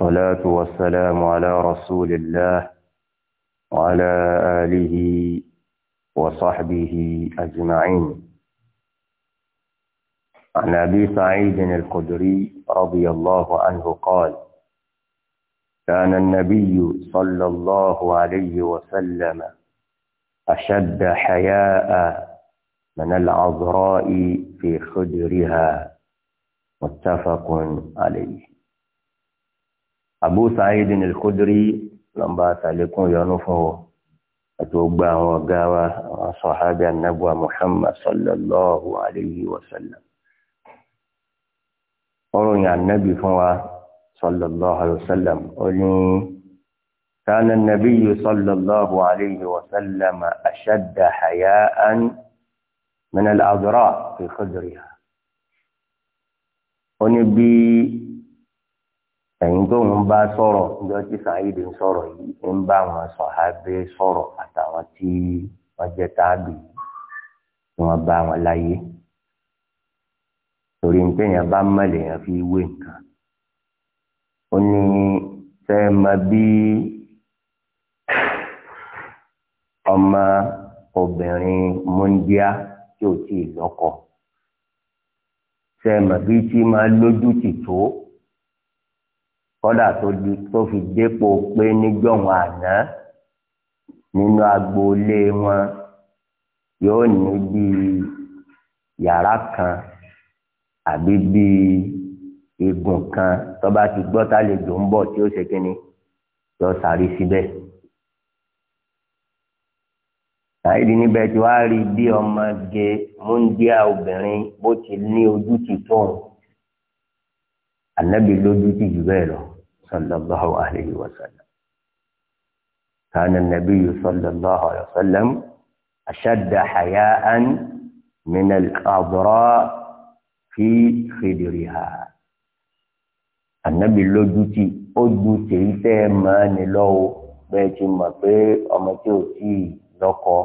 والصلاة والسلام على رسول الله وعلى آله وصحبه أجمعين عن أبي سعيد الخدري رضي الله عنه قال كان النبي صلى الله عليه وسلم أشد حياء من العذراء في خدرها متفق عليه Abu Sa'id al-Khudri lọ́nba àtàlékún yọnu fún o àti gbogbo àwọn ọ̀gá wa àwọn sọ̀hábì anábùwà Muhammad sallallahu alayhi wa sallam. Ọ̀rọ̀ yẹn anábì fún wa sallallahu alayhi wa sallam ó ní كان النبي صلى الله عليه وسلم أشد حياء من العذراء في خدرها. Ó ní bí ẹ̀yin tó ń bá sọ̀rọ̀ ǹjọ́ tí Sa'id ń sọ̀rọ̀ yìí ń bá àwọn sọ̀hábẹ́ sọ̀rọ̀ àtàwọn tí wọ́n jẹ́ táàbì tí wọ́n bá wọn láyé torí bá mọ̀lẹ̀ yẹn fi wé nǹkan ó ní mọ bí ọmọ obìnrin tí ò tí ì mọ bí tí kọ́dà tó fi dépò pé níjọ́hun àná nínú agboolé wọn yóò ní yara yàrá kan àbí igun kan tó ti gbọ́ tá lè dùn bọ̀ tí ó ṣe kínní yọ sáré síbẹ̀. níbẹ̀ tí wàá rí bí múndíà obìnrin bó صلى الله عليه وسلم كان النبي صلى الله عليه وسلم أشد حياء من الأضراء في خدرها النبي لوجوتي ojútè iṣẹ́ máa ní lọ́wọ́ bẹ́ẹ̀ ti mọ̀ pé ọmọ tí ò tí ì lọ́kọ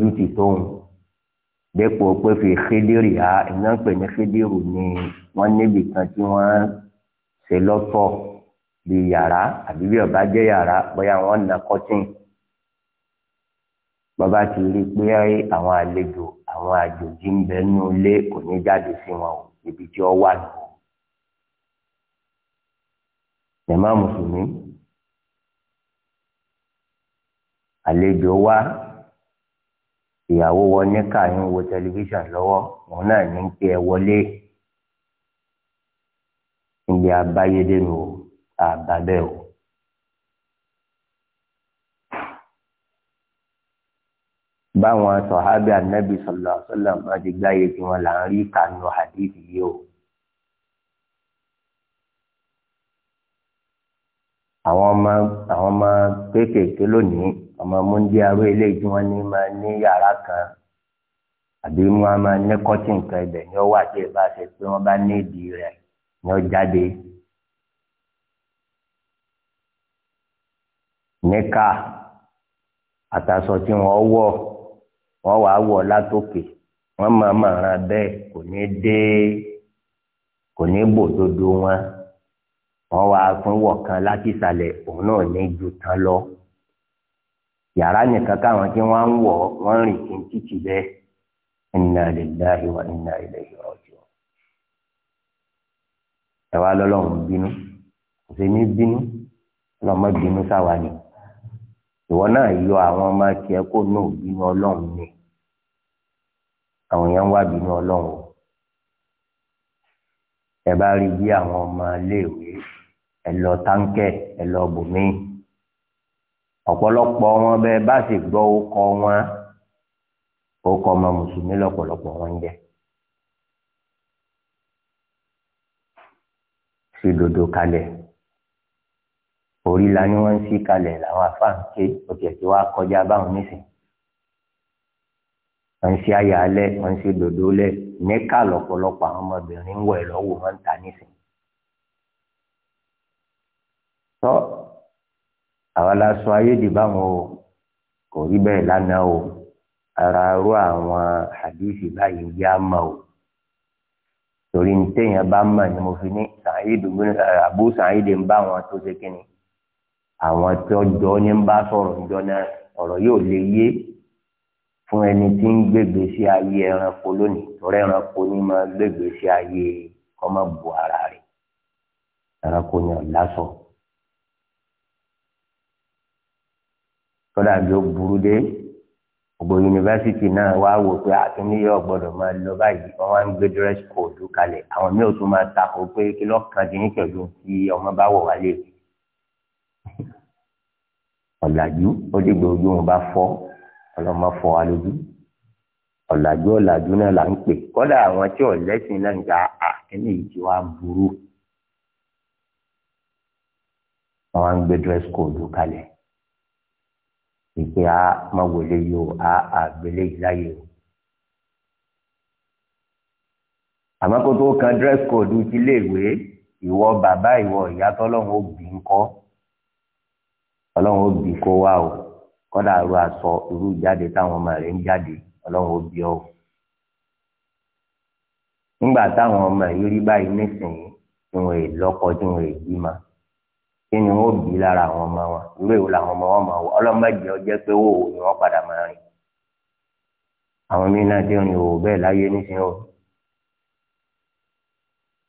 bí ti tóun dépò pé fi xidiri ha iná pè ní xidiru ni wọ́n níbi kan tí wọ́n ṣe lọ́tọ̀ bí yàrá àbí bí ọba jẹ́ yàrá bóyá wọ́n na kọ́tìn bàbá ti rí i pé àwọn àlejò àwọn àjòjì ń bẹ nínú ilé kò ní jáde sí wọn o ibi tí ó wà nù. jàmá mùsùlùmí àlejò wa ìyàwó wọ níkà ń wo tẹlifíṣàn lọ́wọ́ òun náà ní pé ẹ wọlé ìgbé abáyédèrú àbábẹ́ o. báwọn sọ̀hábì ànábì sallallahu alaihi wasallam máa ti gbáyé tí wọ́n là ń rí kanu hadith yìí o. àwọn ọmọ àwọn ọmọ kéékèèké lónìí. ọmọ múndí aró eléyìí tí wọ́n ní máa ní yàrá kan àbí wọn máa ní kọ́tì nǹkan ibẹ̀ ni ó wà tí bá ṣe pé wọ́n bá ní ìdí rẹ̀ ni ó jáde. níkà àtàsọ tí wọ́n wọ̀ wọ́n wàá wọ̀ látòkè wọ́n máa máa ran bẹ́ẹ̀ kò ní dé kò ní bò tó do wọn wọ́n wàá fún wọ̀ kan láti ìsàlẹ̀ òun náà ní ju tán lọ. yàrá nìkan káwọn tí wọ́n ń wọ̀ wọ́n rìn kí n títì bẹ́ẹ̀ inna lillahi wa inna ilayhi raji'un. ẹ wá lọ́lọ́run bínú kò sí ní bínú lọ́mọ bínú sáwa ni ìwọ náà yọ àwọn ọmọ tiẹ̀ kó náà bínú ọlọ́run ni àwọn èèyàn wá bínú ọlọ́run o ẹ bá rí bí àwọn ọmọ iléèwé ẹ lọ táǹkẹ ẹ lọ bòmíì ọ̀pọ̀lọpọ̀ wọn bẹ́ẹ̀ bá sì gbọ́ ọkọ wọn ọkọ ọmọ mùsùlùmí lọ́pọ̀lọpọ̀ wọn ń jẹ. sí dodo kalẹ̀ orí la ni wọ́n ń sí kalẹ̀ làwọn afáàn ké òkè tí wàá kọjá báwọn nísìn wọ́n ń sí àyà alẹ́ wọ́n ń sí dodo lẹ̀ níkà lọ́pọ̀lọpọ̀ àwọn ọmọbìnrin ń wọ̀ ẹ̀ lọ́wọ́ wọn ń ta nísìn àwa la sọ ayé di báwọn o kò rí bẹ́ẹ̀ lánàá o ara ru àwọn hadithi báyìí yá ma o torí ní téèyàn bá mọ̀ ni mo fi ní sàáyédè àbú sàáyédè ń bá àwọn tó ṣe kínní àwọn tó jọ ní ń bá sọ̀rọ̀ níjọ náà ọ̀rọ̀ yóò lè yé fún ẹni tí ń gbègbè sí ayé ẹranko lónìí torí ẹranko ní máa gbègbè sí ayé ọmọ bu ara ẹranko yẹn lásán. tọ́lá bí ó burú dé gbogbo yunifásitì náà wá wò pé àtúndí yóò gbọ́dọ̀ máa lọ báyìí wọ́n wá ń gbé dress code kalẹ̀ àwọn míì ò tún máa takò pé kí lọ́kàn dín ní pẹ̀lú tí ọmọ bá wọ̀ wálé ọ̀làjú ó lè gbé ojú wọn bá fọ́ ọlọ́mọ fọ́ wa lójú ọ̀làjú ọ̀làjú náà là ń pè kọ́dà àwọn tí ọ̀lẹ́sìn náà ń ga àkíní yìí tí wàá burú wọ́n wá ń gbé dress code kalẹ̀ ìpè a máa wọlé yìí o a àgbélé yìí láyè o. àmọ́ kó tó kan dress code ti léèwé ìwọ bàbá ìwọ ìyá tọ́lọ́run ó bì ń kọ́ ọlọ́run ó kó wá o kọ́dà ru aṣọ irú ìjáde táwọn ọmọ rẹ̀ ń jáde ọlọ́run ó bì o. nígbà táwọn ọmọ yìí rí báyìí nísìnyí tí wọ́n lọ́kọ tí wọ́n bímọ kí ni wọn bí lára àwọn ọmọ wọn irú èwo làwọn ọmọ wọn máa wọ ọlọmọdé ọjọ pé wò ó ni wọn padà máa rìn àwọn míín náà dé òní òwò bẹ́ẹ̀ láyé nísìnyí o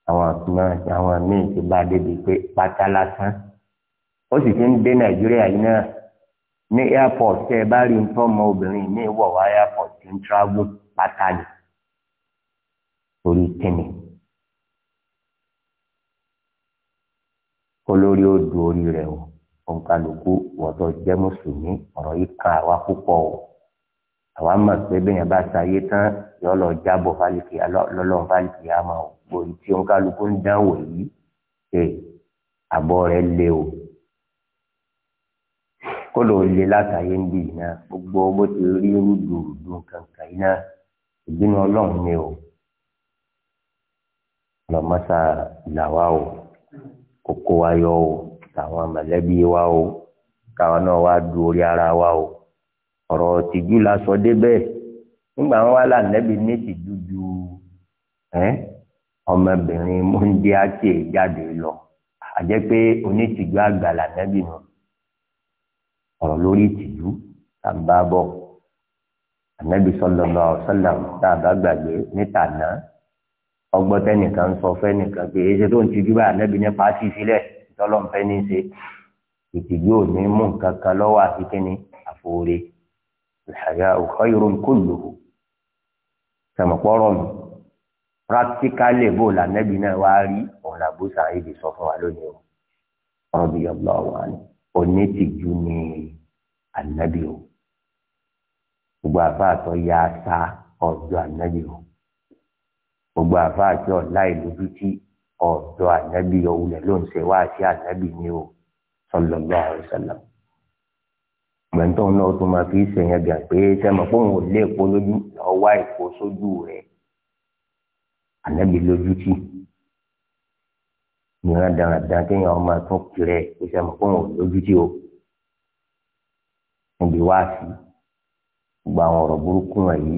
àwọn àtúmọ̀ àwọn míín ti bá débi pé pátá lásán ó sì ti ń dé nàìjíríà yìí náà ní airport tẹ ẹ bá rí nǹkan ọmọ obìnrin ní ìwọ̀ wá airport ti ń travel pátá ni torí kíni. kólórí ó du orí rẹ̀ o òǹkàlùkù wọ́tọ̀ jẹ́ mùsùlùmí ọ̀rọ̀ yìí kan àwa púpọ̀ o àwa mọ̀ pé bẹ́ẹ̀ yẹn bá ṣayé tán yọ lọ jábọ̀ fálìkì lọ́lọ́run fálìkì àmọ́ ògbó tí òǹkàlùkù ń dánwò yìí ṣe àbọ̀ rẹ̀ lé o kóló lé látàyé ń bì iná gbogbo bó ti rí rúdurùdu kankan iná ìbínú ọlọ́run ni o lọ́mọ́sá làwa o kókó wa yọ o táwọn mọ̀lẹ́bí wa o táwọn náà wá du orí ara wa o ọ̀rọ̀ tìjú la sọ débẹ̀ nígbà wọn wá là nẹ́bí ní tìjú ju ọmọbìnrin múndé àti ìjáde lọ àjẹ́ pé onítìjú àgbà là nẹ́bí nù ọ̀rọ̀ lórí ìtìjú tá a bá bọ̀ ànẹ́bí sallallahu alaihi wasallam tá a bá gbàgbé níta náà ọgbọ́n tẹnìkan sọ fẹ́nìkan pé èyí ṣe tó ń tijú báyà lẹ́bi nípa sí sílẹ̀ tọ́lọ́mfẹ́ ní ṣe ìtìjú ò ní mú nǹkan kan lọ́wọ́ àti kíni àfoore ìṣàyà khayrun kulluhu tẹ̀mọ̀pọ̀rọ̀ mi practically bó lànàbí náà wá rí òun làbúṣà ibi sọ fún wa lónìí o radiyallahu anhu onítìjú ni ànàbí o gbogbo àbá àtọ́ yá sá ọjọ́ ànàbí o gbogbo àfáàjọ láì lójú tí ọ̀dọ̀ ànábì ọ̀wulẹ̀ ló ń ṣe wá sí ànábì ni o sallallahu alaihi wasallam. gbẹ̀ntọ́ náà tó máa fi ṣèyàn gbà pé sẹ́mọ̀ pé òun ò lé èpo lójú ọwá èpo sójú rẹ̀ ànábì lójú tí. ìran dáradára kéèyàn ọmọ tún kiri ẹ̀ pé sẹ́mọ̀ pé òun ò lójú tí o. níbi wá sí gbogbo àwọn ọ̀rọ̀ burúkú wọ̀nyí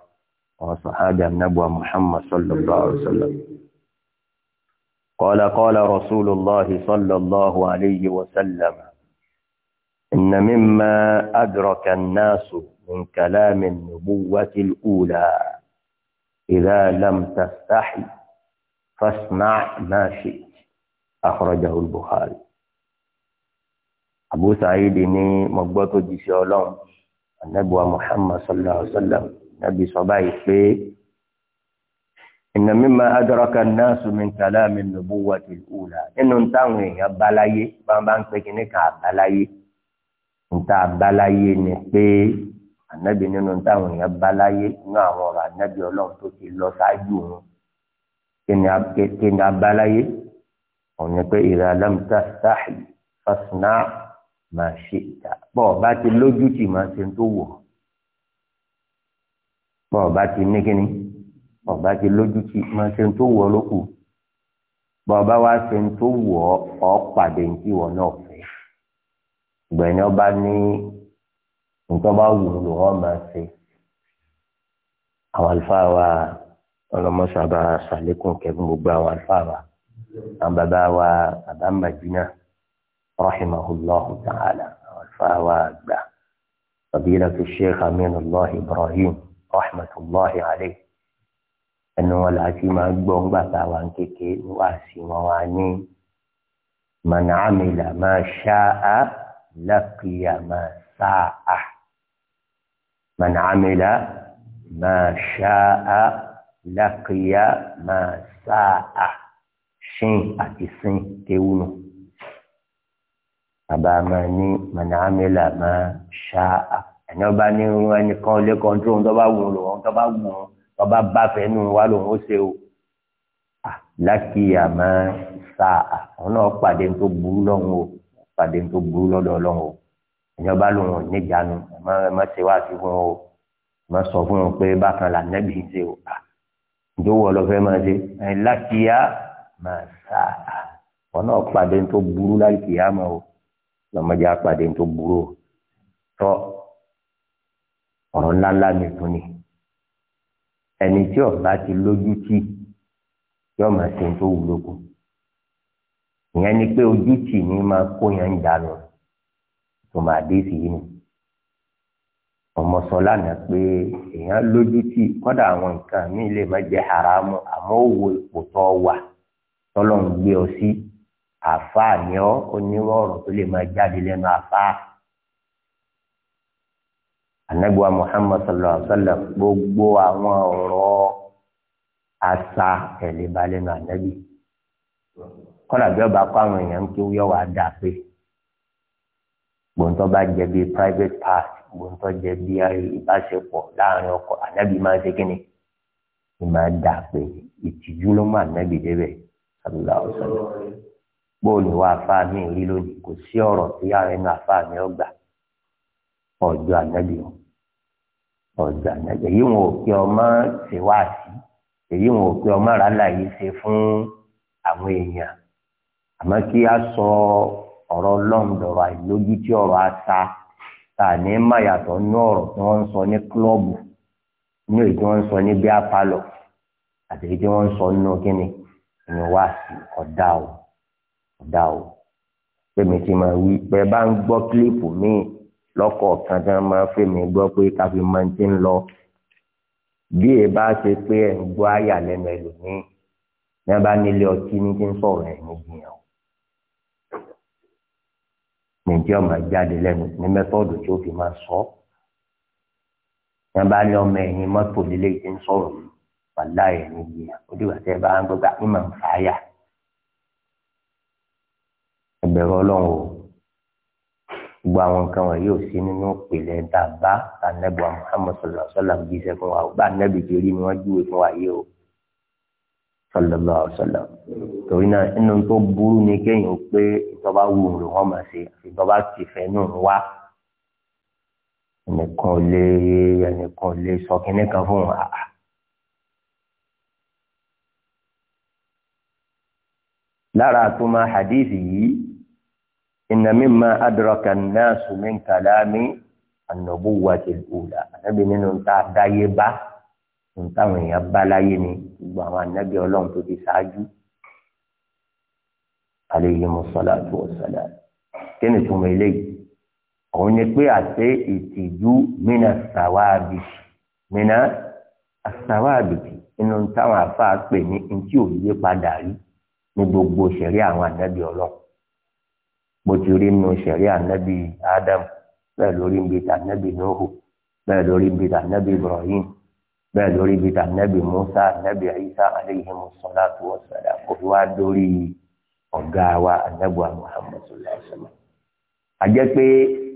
àwọn sàhábà nàbùwà muhammad sallallahu alayhi wa sallam. قال قال رسول الله صلى الله عليه وسلم إن مما أدرك الناس من كلام النبوة الأولى إذا لم تستحي فاصنع ما شئت أخرجه البخاري أبو سعيد ني مغبطو جيسي النبوة محمد صلى الله عليه وسلم nàbí sọ báyìí pé inna mimma adraka an-nasu min kalami an-nubuwwati al-ula nínú táwọn èèyàn báláyé báńbá ń pè kíní kan àbáláyé níta àbáláyé ni pé ànábì nínú táwọn èèyàn báláyé inú àwọn ọ̀rọ̀ ànábì ọlọ́run tó ti lọ ṣáájú òun kí ni abáláyé òun ni pé idha lam tastahi fasna ma shi'ta bọ́ọ̀ bá ti lójú tì máa ṣe tó wọ̀ bọ́ ọba ti ní kíni ọba ti lójútì máa ṣe ń tó wọ̀ ọ́ lókù bọ́ ọba wá ṣe ń tó wọ̀ ọ́ pàdé ní ìwọ náà fẹ́ gbẹ̀ni ọba ní nǹkan bá wù lò wọ́n máa ṣe àwọn àlùfáà wa ọlọmọṣàbà ṣàlékún kẹfún gbogbo àwọn àlùfáà wa àwọn bàbá wa bàbá màjínà rahimahullahu ta'ala àwọn àlùfáà wa gbà. فضيلة الشيخ أمين الله إبراهيم rahmatulahi alayhi ẹnu wọn la ti máa gbọ́ ńgbà tá a wà ń kéke wá sí wọn wá ní mọ̀nà àmìlà máa ṣáá lápìyà máa sáà mọ̀nà àmìlà máa ṣáá lápìyà máa sáà ṣìn àti sìn kéwùnù bàbá máa ní mọ̀nà àmìlà máa ṣáá ẹni ọba ní ẹnìkan lé kọńtró ohun tó bá wù ú lò ohun tó bá wù ú ọba báfẹ nù wá lòun ó ṣe o lákìyà máa sa àwọn náà pàdé tó burú lọ́hùn o pàdé tó burú lọ́dọ̀ lọ́hùn o ẹni ọba lòun ò níjànú ẹ má ṣe wá sí fún o ẹ má sọ fún un pé bákan là nẹ́bí ṣe o ìjọwọ́ ah, ọlọ́fẹ́ máa ṣe ẹ lákìyà máa sa àwọn náà pàdé tó burú lákìyà máa o lọ́mọdé á pàdé tó burú o ọ̀rọ̀ ńláńlá mi tún ni ẹni tí ọba ti lójú tì yóò máa ṣe tó wù lóko ìyẹn ni pé ojú tì ní máa kó yẹn ń dànù tó máa dé sí yìí nù ọmọ sọ lánàá pé èèyàn lójú tì kọ́dà àwọn nǹkan mi má jẹ́ haramu àmọ́ ipò tó wà tọ́lọ́ ń gbé ọ sí ni ọ́ ó ní anagba muhammad sallallahu alaihi wa sallam gbogbo àwọn ọ̀rọ̀ asa ẹlẹbalẹnu anabi kọlá bí ọba kọ àwọn èèyàn kí wíyọ wàá dà pé gbòǹtọ bá jẹ bíi private part gbòǹtọ jẹ bíi ìbáṣepọ̀ láàrin ọkọ anabi máa ń ṣe kí ni ni máa dà pé ìtìjú ló mú anabi débẹ̀ sallallahu alaihi wa sallam bóòlù wa àfáà mi rí lónìí kò sí ọ̀rọ̀ tí ààrẹ náà àfáà mi ọgbà ọjọ́ anabi wọn. ọjà nàìjà èyí wọn ò pé ọmọ ṣèwádìí èyí wọn ò pé ọmọ ṣe fún àwọn èèyàn àmọ́ kí a sọ ọ̀rọ̀ lọńdọrọ àìlójútì ọ̀rọ̀ àṣà tá a ní má yàtọ̀ ní ọ̀rọ̀ tí wọn sọ ní kílọọbù ní èyí tí wọn ń sọ ní bíá pálọ àti èyí tí wọn sọ nínú kíni ìyẹn wá sí ọdá o ọdá o pé mi ti máa wí pé bá ń kílípù lọ́kọ̀ọ̀kan tí wọ́n máa fẹ́ mi gbọ́ pé káfí máa ti ń lọ bí ẹ bá ṣe pé ẹ̀ ń gbọ́ àyà lẹ́nu ẹlòmíì ní wọ́n bá nílé ọtí ní kí n sọ̀rọ̀ ẹ̀ níbi yẹn o nìjẹ́ ọmọ jáde lẹ́nu ní mẹ́tọ́ọ̀dù tí ó fi máa sọ ní wọ́n bá ní ọmọ ẹ̀yìn mọ́tò lílé tí ń sọ̀rọ̀ wàlá ẹ̀ níbi ó dìgbà tẹ́ ẹ bá ń gbọ́gbà ìmọ̀ ń fàáyà ẹ̀bẹ̀rẹ̀ ọlọ́run o gbogbo àwọn nǹkan wọn yóò sí nínú ìpìlẹ̀ dàbá ànẹ́bù Muhammad sallallahu alaihi wasallam jíṣẹ́ fún wa ó bá ànẹ́bù tí orí ni wọ́n júwe fún wa yìí o sallallahu alaihi wasallam torí náà inú tó burú ni kéèyàn pé ìtọ́ba wù ú wọ́n máa ṣe ìtọ́ba tìfẹ́ nù wá ẹnìkan lè ẹnìkan lè sọ kínní kan fún wa. lára àtúmọ̀ hadith yìí inna mimma adraka an-nasu min kalami an-nubuwwati al-ula ànábì nínú ta dáyé bá nínú táwọn èèyàn bá láyé ni gbogbo àwọn ànábì ọlọ́run tó ti ṣáájú alayhimu salatu wassalam kí ni túmọ̀ eléyìí òun ni pé àṣẹ ìtìjú mina sàwáàbì mina sàwáàbì nínú táwọn àfáà pè ní ntí òye padà rí ní gbogbo ṣẹ̀rí àwọn ànábì ọlọ́run bó ti rí nu sẹ̀rí ànábì Adam bẹ́ẹ̀ lórí ń bi tà ànábì Nuhu bẹ́ẹ̀ lórí ń bi tà Ibrahim bẹ́ẹ̀ lórí ń bi tà Musa ànábì Isa aleyhi musalatu wa salam kò fi wá dórí wa ànábì Muhammad sallallahu alaihi wa sallam. àjẹ́ pé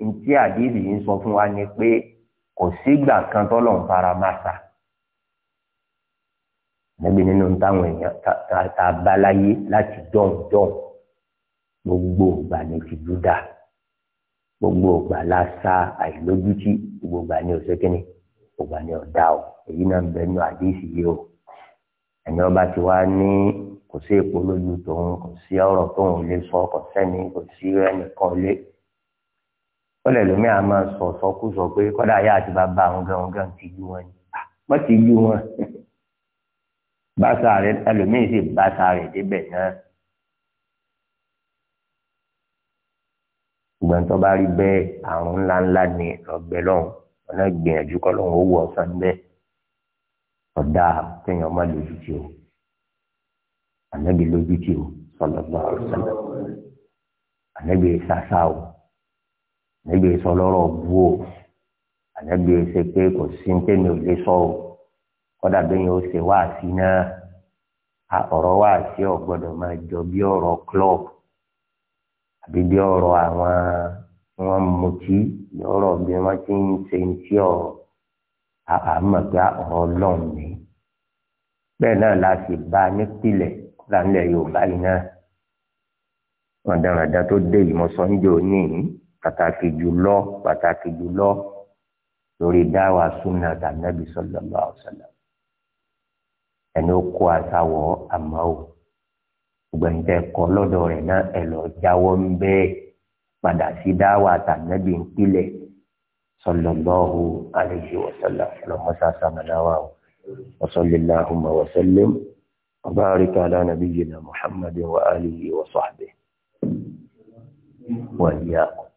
ntí àdìsí yìí ń sọ fún wa ni pé kò sígbà kan tọ́lọ̀ ń fara máa sà níbi nínú táwọn èèyàn tá a bá láyé láti dọ̀hùn dọ̀hùn gbogbo ògbà ní ti júdà gbogbo ògbà lásà àìlójútì gbogbo ògbà ní òṣèkínní ògbà ní ọ̀dà o èyí náà ń bẹnu àdéhìsì yìí o ẹni ọba ti wá ní kò sí èpo lójú tòun kò sí ọ̀rọ̀ tóun lè sọ kò sẹ́ni kò sí ẹnìkan lé kọlẹ lómi à máa sọ sọkúsọ pé kódà yá àti bàbá àwọn gan gan ti ju wọn wọn ti ju wọn bàtà rẹ ẹlòmíín sì bàtà rẹ débẹ̀ náà. gbogbo ẹni tó bá rí bẹ́ẹ̀ àrùn ńláńlá ni ọgbẹ́ lọ́hùn ọ̀nà gbìyànjú kọ́ lọ́hùn owó ọ̀sán bẹ́ẹ̀ ọ̀dà kéèyàn má lójú tí o ànábì lójú tí o sọlọ́gbà ọ̀sán ànábì sàṣà o ànábì sọlọ́rọ̀ bú o ànábì ṣe pé kò sí ní tẹ́mi ò lè sọ o kọ́dà bẹ́yìn ó ṣe wáàsí náà ọ̀rọ̀ wáàsí ò gbọ́dọ̀ máa jọ bí ọ̀rọ̀ club àbí bí ọ̀rọ̀ àwọn wọn mutí bí ọ̀rọ̀ bí wọ́n ti ń ṣe ń tí ọ̀rọ̀ àmọ́ pé ọ̀rọ̀ ni bẹ́ẹ̀ náà la sì bá a nípìnlẹ̀ kódà nílẹ̀ yorùbá yìí náà ọ̀daràn tó dé ìmọ̀sánjọ́ ní pàtàkì jùlọ pàtàkì jùlọ lórí dáwà súnà tàbí nàbì sallallahu alaihi wasallam ẹni ó kó àtàwọ̀ àmọ́ ò gbẹ̀ǹtẹ̀ kọ́ lọ́dọ̀ rẹ̀ náà ẹ lọ jáwọ́ ń bẹ́ẹ̀ padà sí dáwà tànàbí ń pilẹ̀ sallallahu alayhi wa sallam ọlọ́mọṣà sàmàláwà wa sallallahu wa sallam wa barika wa alihi wa sahbihi wa iyyakum.